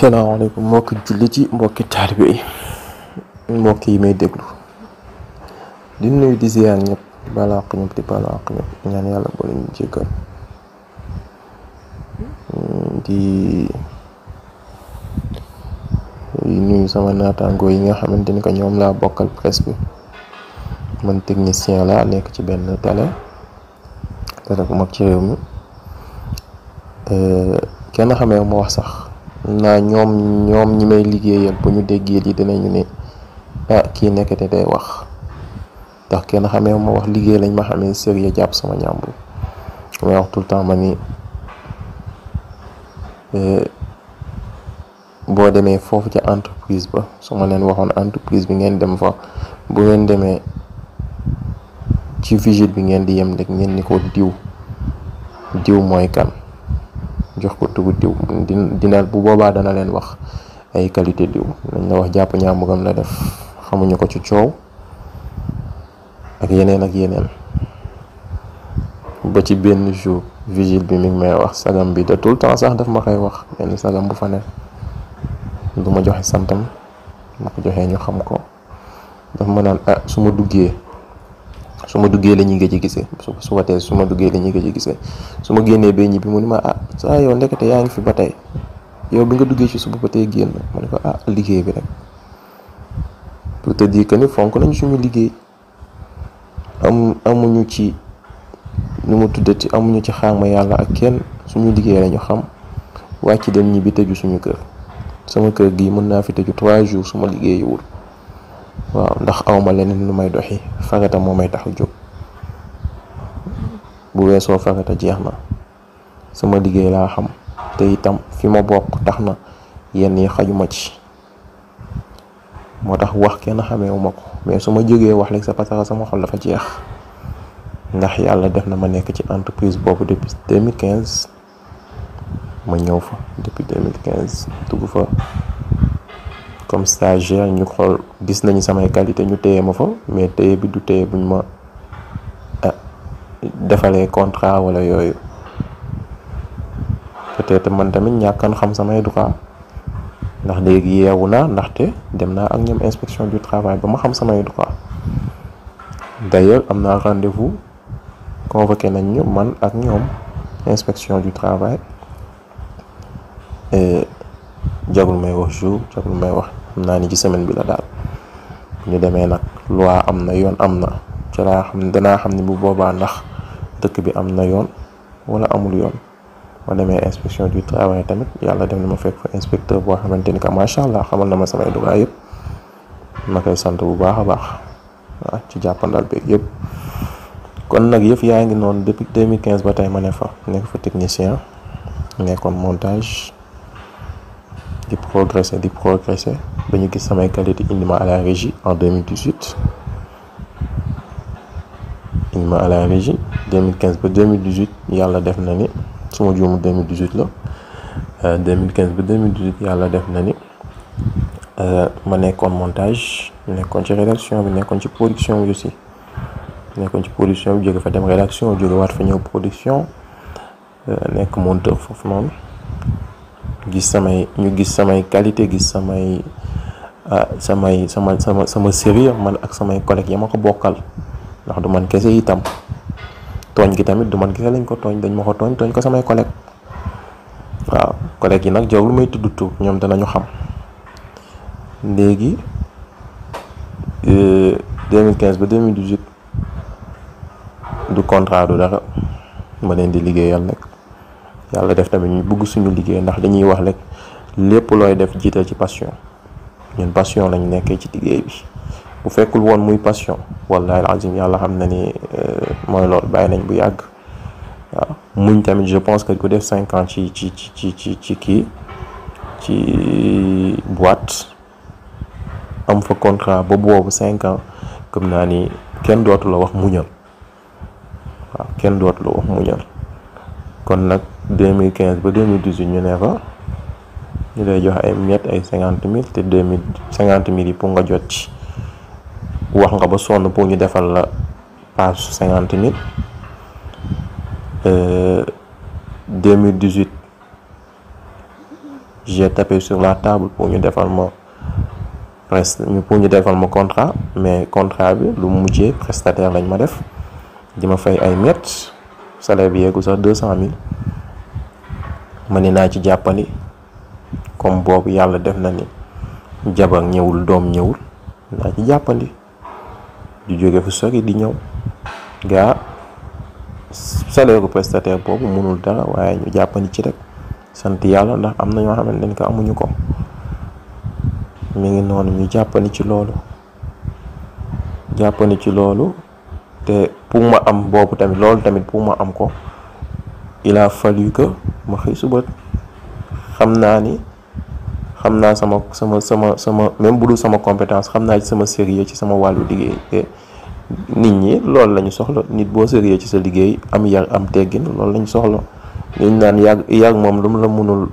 salaamaaleykum mbokki jullit yi mbokki taalibe yi mbokk yi may déglu di nuyu di ziar ñëpp di balaax ñëpp di ñaan yàlla boole ñu jéggal di nuyu sama naataangoo yi nga xamante ni que ñoom laa bokkal presse bi man technicien laa nekk ci benn télé télé bu mag ci réew mi eh, kenn xamee moo wax sax. naa ñoom ñoom ñi may liggéeyal bu ñu déggee yi dinañu ne ah kii nekkate day wax ndax kenn xamee ma wax liggéey lañ ma xamee sérieux jàpp sama ñàmbu may wax tout le temps ma ni euh, boo demee foofu ca entreprise ba su ma leen waxoon entreprise bi ngeen dem fa bu ngeen demee ci visite bi ngeen di yem rek ngeen ni ko diw diw mooy kan jox ko tugu diw dina bu boobaa dana leen wax ay qualité diw nañ la wax jàpp ñaamugam la def xamuñu ko ci coow ak yeneen ak yeneen ba ci benn jour vigile bi mi ngi may wax sagam bi de tout le temps sax daf ma koy wax benn sagam bu fa ne du ma joxe santam ma joxe ñu xam ko daf ma naan ah su duggee su ma duggee la ñu ngi ci gisee su ma tee duggee la ñu ngi ci gisee su ma génnee ba ñibbi mu ni ma ah saa yow ndekete yaa ngi fi ba tey yow bi nga duggee ci suba ba tey génn ma ne ko ah liggéey bi rek pour te dire que ni fonk nañ suñu liggéey am amuñu ci nu mu tuddati amuñu ci xaama yàlla ak kenn suñu liggéey lañu xam wàcc dem ñibbi tëju suñu kër sama kër gii mën naa fi tëju trois jours suma ma liggéeyiwul waaw ndax awma leneen lu may doxi farata moo may tax jóg bu weesoo farata jeex na sama liggéey laa xam te itam fi ma bokk tax na yenn yi xajuma ci moo tax wax kenn xamewuma ko mais su ma jógee wax rek sa parce que sama xol dafa jeex ndax yàlla def na ma nekk ci entreprise boobu depuis quinze ma ñëw fa depuis 2015 dugg fa comme stagiaire ñu xol gis qualité ñu téye mais téye bi du ah, contrat peut-être que tamit ñàkkan xam droit ndax léegi yeewu ndaxte inspection du travail droit d'ailleurs am rendez-vous convoqué nañ ñu man ak inspection du travail jagul may wax jour may wax xam naa ni ci semaine bi la daal bu ñu demee nag loi am na yoon am na ci laa xam ne danaa xam ne bu boobaa ndax dëkk bi am na yoon wala amul yoon ma demee inspection du travail tamit yàlla dem na ma fekk fa inspecteur boo xamante ni que macha allah xamal na ma samay droit yëpp ma koy sant bu baax a baax waaw ci jàppandal beeg yëpp. kon nag yëf yaa ngi noonu depuis 2015 ba tey ma ne fa nekk fa technicien nekkoon montage. di progresser di progresser ba ñu gis samay qualité indi ma à la régie en 2018 indi ma à la régie 2015 ba 2018 yàlla def na ni suma juumu 2018 la 2015 euh, ba 2018 yàlla def na ni euh, ma nekkoon montage nekkoon ci rédaction bi nekkoon ci production bi aussi nekkoon ci production bi jóge fa dem rédaction jóge waat fa ñëw production euh, nekk monteur foofu noonu. gis samay ñu gis samay qualité gis samay ah, samay sama sama sama sérieux man ak samay collègues ya ma ko bokkal ndax du man kese itam tooñ gi tamit du man kese lañ ko tooñ dañ ma ko tooñ tooñ ko samay collègues waaw collègues yi nag jaw lu may tudd tur ñoom danañu xam léegi 2015 euh, ba 2018 du contrat du dara ma leen di liggéeyal nag yàlla def tamit ñu bugg suñu liggéey ndax dañuy wax rek lépp looy def jiital ci passion ñun passion lañ nekkee ci liggéey bi bu fekkul woon muy passion wallahi alazim yàlla xam na ni euh, mooy loolu bàyyi nañ bu yàgg waaw muñ tamit je pense que ku def cinq ci ci ci ci ci kii ci boîte am fa contrat ba boobu cinq ans gëm naa ni kenn dootu la wax muñal waaw kenn dootu la wax muñal kon nag 2015 ba 2018 ñu ne ko ñu lay jox 50 000 pour nga la page 50 000 2018 j'ai tapé sur la table pour ñu mon pour ñu contrat mais contrat le prestataire je ma def fait fay ay le salaire est de 200 000 ma ne naa ci jàppandi comme boobu yàlla def na ni jabar ñëwul doom ñëwul naa ci jàppandi di jóge fu sori di ñëw gaa salaire prestataire boobu mënul dara waaye ñu jàppandi ci rek sant yàlla ndax am na ñoo xamante ne ko amuñu ko mu ngi noonu ñu jàppandi ci loolu jàppandi ci loolu te pour ma am boobu tamit loolu tamit pour ma am ko il a fallu que ma xëy suba xam naa ni xam naa sama sama sama sama même bu dul sama compétence xam naa ci sama sérieux ci sama wàllu liggéey te nit ñi loolu lañu soxla nit boo sérieux ci sa liggéey am yar am teggin loolu la soxla liñ naan yàgg yàgg moom lu mu la mënul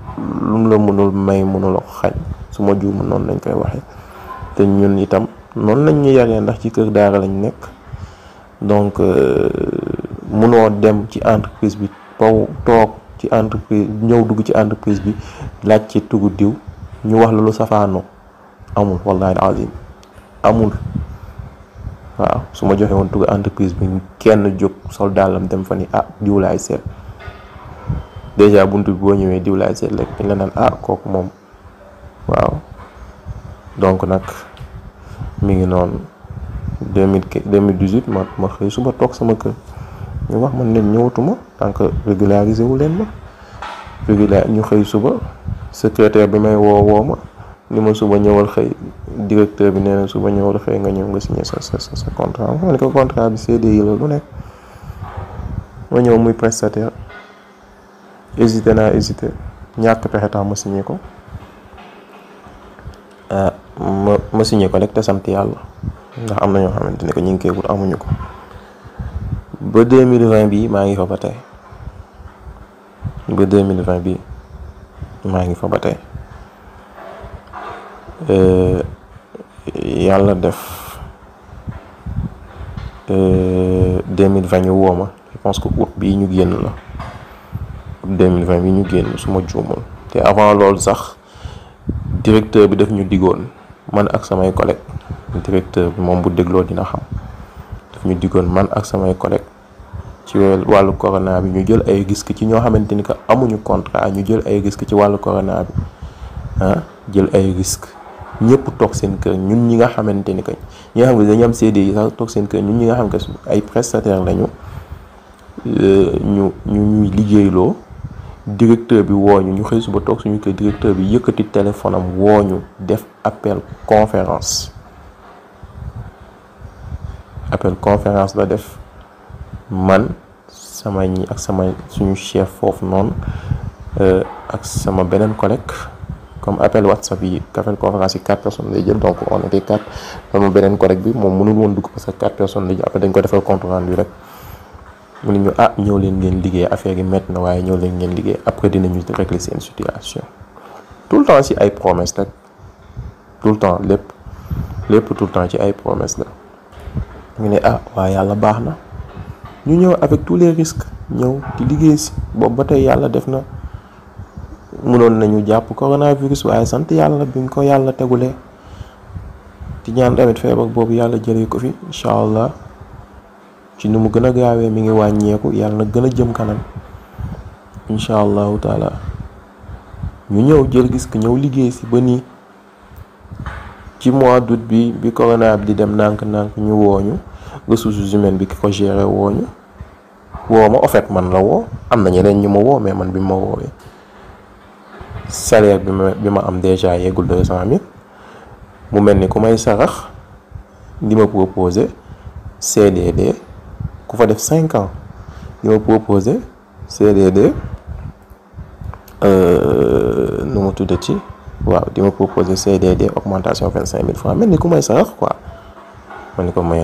lu la mënul may mënula ko xañ su ma juuma noonu lañ koy waxee te ñun itam noonu lañ ñu yaree ndax ci kër daara lañu nekk donc euh, mënoo dem ci entreprise bi baw toog ci entreprise ñëw dugg ci entreprise bi laaj ci tugu diw ñu wax la lu safaanoo amul wallahi alazim amul waaw su ma joxe woon tugu entreprise bi kenn jóg sol dem fa ni ah diw laay seet dèjà buntu bi boo ñëwee diw laay seet dañ la naan ah kooku moom waaw donc nag mi ngi noonu 2018 ma ma xëy suba toog sama kër ñu wax man leen ñëwatuma tant que régularisé wu leen ma régula ñu xëy suba secrétaire bi may woo woo ma ni ma suba ñëwal xëy directeur bi nee na suba ñëwal xëy nga ñëw nga signé sa sa sa contrat ma ne ko contrat bi CDI la lu nekk ma ñëw muy prestataire hésité naa hésité ñàkk pexe tax ma ko ah ma ma signé ko rek te sant yàlla ndax am na ñoo xamante ne que ñu ngi koy wut amuñu ko. ba 2020 bii maa ngi fa ba tey 2020 bii maa ngi fa ba tey euh, yàlla def 2020 euh, ñu woo ma je pense que août bii ñu génn la 2020 bii ñu génn su ma juumul te avant loolu sax directeur bi daf ñu digoon man ak samay collègue directeur bi moom bu dégloo dina xam daf ñu digoon man ak samay collègue ci corona bi ñu jël ay risque ci ñoo xamanteni que amuñu contrat ñu jël ay risque ci walu corona bi ah, jël ay risque ñëpp toog seen kër ñun ñi nga xamanteni que ñi nga am sax seen kër ñun ñi nga xam ay prestataire lañu euh, ñu ñu ñuy directeur bi wooñu ñu xëy suba toog suñu kër directeur bi yëkkati téléphone am wooñu def appel conférence appel conférence la def man sama ñi ak sama suñu chef foofu noonu euh, ak sama beneen collègue comme appel whatsapp yi appel conférence yi quatre personnes lay jël donc on était quatre sama beneen collègue bi moom mënul woon dugg parce que quatre personnes lay ñu après dañ ko defal compte rendu rek mu ne ñu ah ñëw leen ngeen liggéey affaire yi métti na waaye ñëw leen ngeen liggéey après dinañu régler seen situation tout le temps si ay promesses rek tout le temps lépp lépp tout le temps ci ay promesses la ñu ne ah waaye yàlla baax na. ñu ñëw avec tous les risques ñëw di liggéey si boobu ba tey yàlla def na mënoon nañu jàpp coronavirus waaye sant yàlla bi ñu ko yàlla tegulee di ñaan tamit feebar boobu yàlla jëlee ko fi incha allah ci ni mu gën a gaawee mi ngi wàññeeku yàlla na gën a jëm kanam incha allahu taala ñu ñëw jël risque ñëw liggéey si ba nii ci mois d'août bi bi corona bi di dem nànk-nànk ñu wooñu ressources humaines bi ont ko géré woo ñu en fait man la wo am na ñeneen ñu mais man bi ma je salaire bi ma am déjà yeggul 200 000 mu melni ku may sarax ma proposé CDD ku fa def 5 ans di ma proposé CDD euh, nu mu ma proposé CDD augmentation 25 000 francs Je quoi ni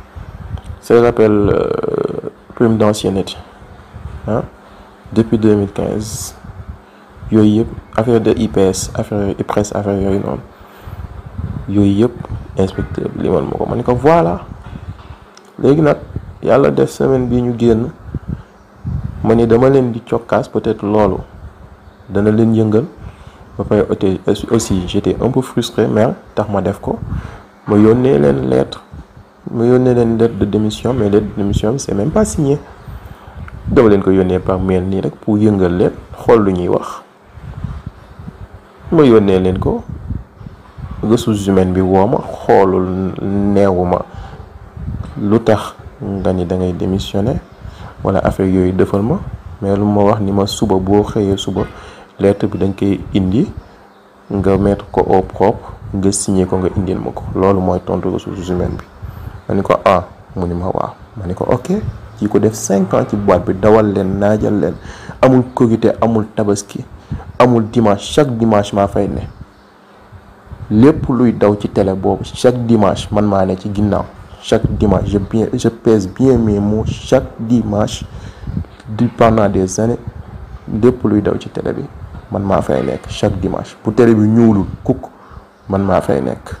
ça s'appelle euh, prime d'ancienneté Hein? depuis 2015 yooyu yëpp affaire de IPS affaire de presse, affaire yooyu noonu yooyu yëpp inspecteur les limal ma ko ma ne voilà léegi nag yàlla def semaine bi ñu génn de ne dama leen di peut-être loolu dana leen yëngal ba faire. aussi j'étais un peu frustré mais tax ma def ko ma lettre mu yónnee leen lettre de démission mais lettre de démission c'est même pas signé dama leen ko yónnee par mail nii rek pour yëngal leen xool lu ñuy wax ma yónnee leen ko ressources humaines bi woo ma xoolul neewu ma lu tax nga ni da ngay démissionner wala affaire yoy defal ma mais lu ma wax ni ma suba bo xeye suba lettre bi dañ koy indi nga mettre ko au propre nga signer ko nga indil mako lolou moy tontu ressources humaines bi ma ni ko ah mu ni ma ko ok kii def cinq ans ci boîte bi dawal len nadjal len amul Korité amul tabaski amul dimanche chaque dimanche maa fay né lépp luy daw ci télé bobu chaque dimanche man ma né ci ginnaw chaque dimanche je bien je pèse bien mes mots chaque dimanche du pendant des années lépp luy daw ci télé bi man m'a fay nekk chaque dimanche pour télé bi ñuulul cook man m'a fay nekk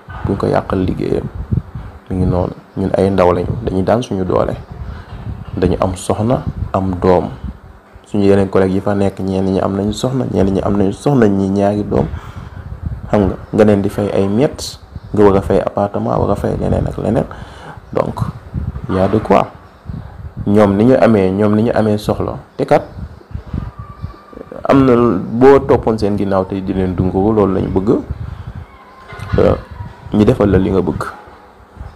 duñ ko yàqal liggéeyam mu ngi noonu ñun ay ndaw lañu dañuy daan suñu doole dañu am soxna am doom suñu yeneen collègue yi fa nekk ñenn ñi am nañu soxna ñenn ñi am nañu soxna ñi ñaari doom xam nga nga leen di fay ay mett nga war a fay appartement war a fay leneen ak leneen donc y a quoi ñoom ni ñu amee ñoom ni ñu amee soxla te kat am na boo toppoon seen ginnaaw te di leen dungu loolu lañu bëgg. Euh, ñu defal la li nga bëgg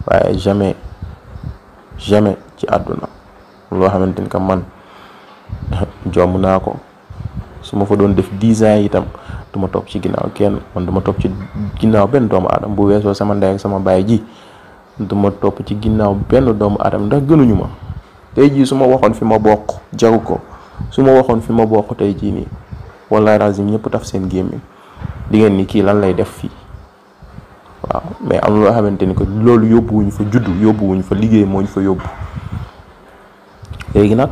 waaye jamais jamais ci àdduna loo xamanteni ka man jomm naa ko su ma fa doon def 10 ans itam du ma ci ginnaaw kenn man du ma topp ci ginnaaw benn doomu adam bu weesoo sama ndey ak sama baay ji du ma topp ci ginnaaw benn doomu adam ndax gënuñu ma tey jii su ma waxoon fi ma bokk jaru ko su ma waxoon fi ma bokk tey jii nii wallaay razim ñëpp taf seen gémmi di ngeen ni kii lan lay def fii waaw mais am loo xamante ni que loolu yóbbuwuñ fa juddu wuñu fa liggéey moo ñu fa yóbbu léegi nag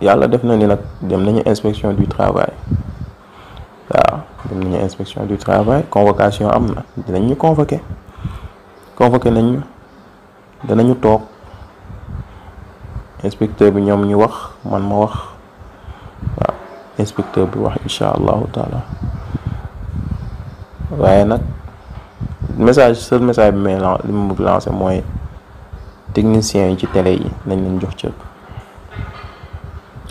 yàlla def na ni nag dem nañu inspection du travail waaw dem nañu inspection du travail convocation am na dinañ ñu convoqué convoqué nañ danañu toog inspecteur bi ñoom ñu wax man ma wax waaw inspecteur bi wax incha allahu taala waaye nag. message seul message bi may lan li ma bëgg lancé mooy techniciens yi ci télé yi nañ leen jox cër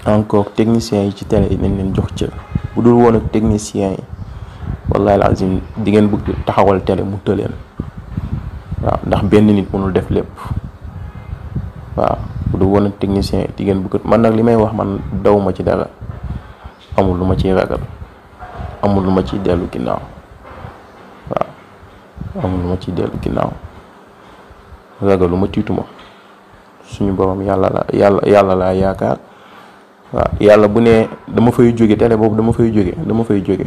encore techniciens yi ci télé yi nañ leen jox cër bu dul woon ak techniciens yi wallahi lazim di ngeen bëgg taxawal télé mu tëleen waaw ndax benn nit mënul def lépp waaw bu dul woon ak techniciens yi di ngeen bëgg man nag li may wax man dawuma ci dara amul lu ma ci ragal amul lu ma ciy dellu ginnaaw amul lu ma ciy dellu ginnaaw ragalu ma tiitu ma suñu borom yàlla la yàlla yàlla laa yaakaar waaw yàlla bu ne dama fay jóge tele boobu dama fay jóge dama fay jóge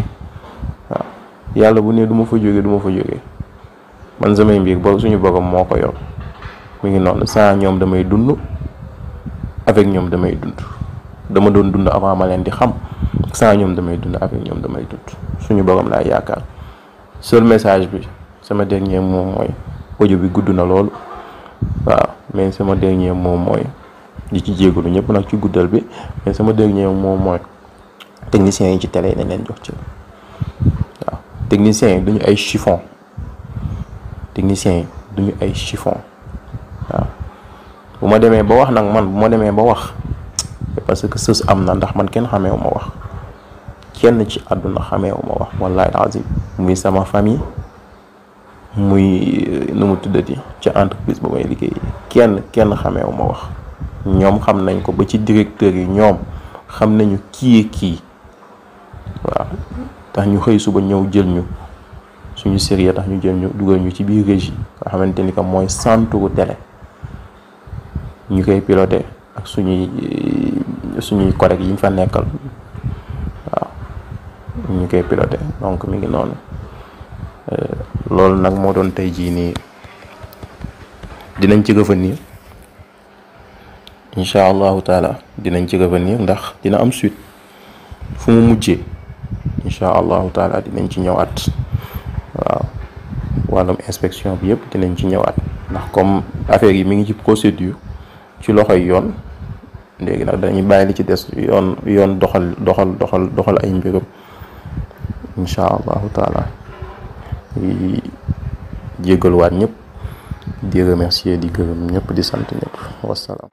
waaw yàlla bu ne duma fa jóge du ma fa jóge man samay mbiir boog suñu borom moo ko yor mu ngi noonu sans ñoom damay dund avec ñoom damay dund dama doon dund avant ma leen di xam saa ñoom damay dund avec ñoom damay dund suñu borom laa yaakaar seul message bi. sama dernier mot mooy audio bi wa mais sama dernier mot Je ci nak ci guddal bi mais dernier mot suis yi ci télé nañ len ci techniciens duñu ay chiffon Technicien, duñu ay chiffon wa un ma ba wax man ba wax parce que je suis ndax man kenn un ma wax kenn ci Je Je suis wax wallahi Je muy sama famille muy nu mu tuddati ci entreprise ba may liggéey kenn kenn wu ma wax ñom xam nañ ko ba ci directeur yi ñom xam nañu ki ki waaw tax ñu xëy suba ñew jël ñu suñu série tax ñu jël ñu duggal ñu ci biir régie xamanteni xamante moy que mooy centre télé ñu kay piloter ak suñu suñu correct yi ñu fa nekkal waaw ñu kay piloter donc mi ngi noonu euh, loolu nag moo doon tey jii nii dinañ ci gëfën yi incha allahu taala dinañ ci gëfën yi ndax dina am suite fu mu mujjee incha allahu taala dinañ ci ñëwaat waaw wàllum inspection bi yëpp dinañ ci ñëwaat ndax comme affaire yi mi ngi ci procédure ci loxoy yoon léegi nag dañuy bàyyi li ci des yoon yoon doxal doxal doxal doxal ay mbirum incha allahu taala jégaluwaat ñëpp di remercier di gërëm ñëpp di sant ñëpp wasalaam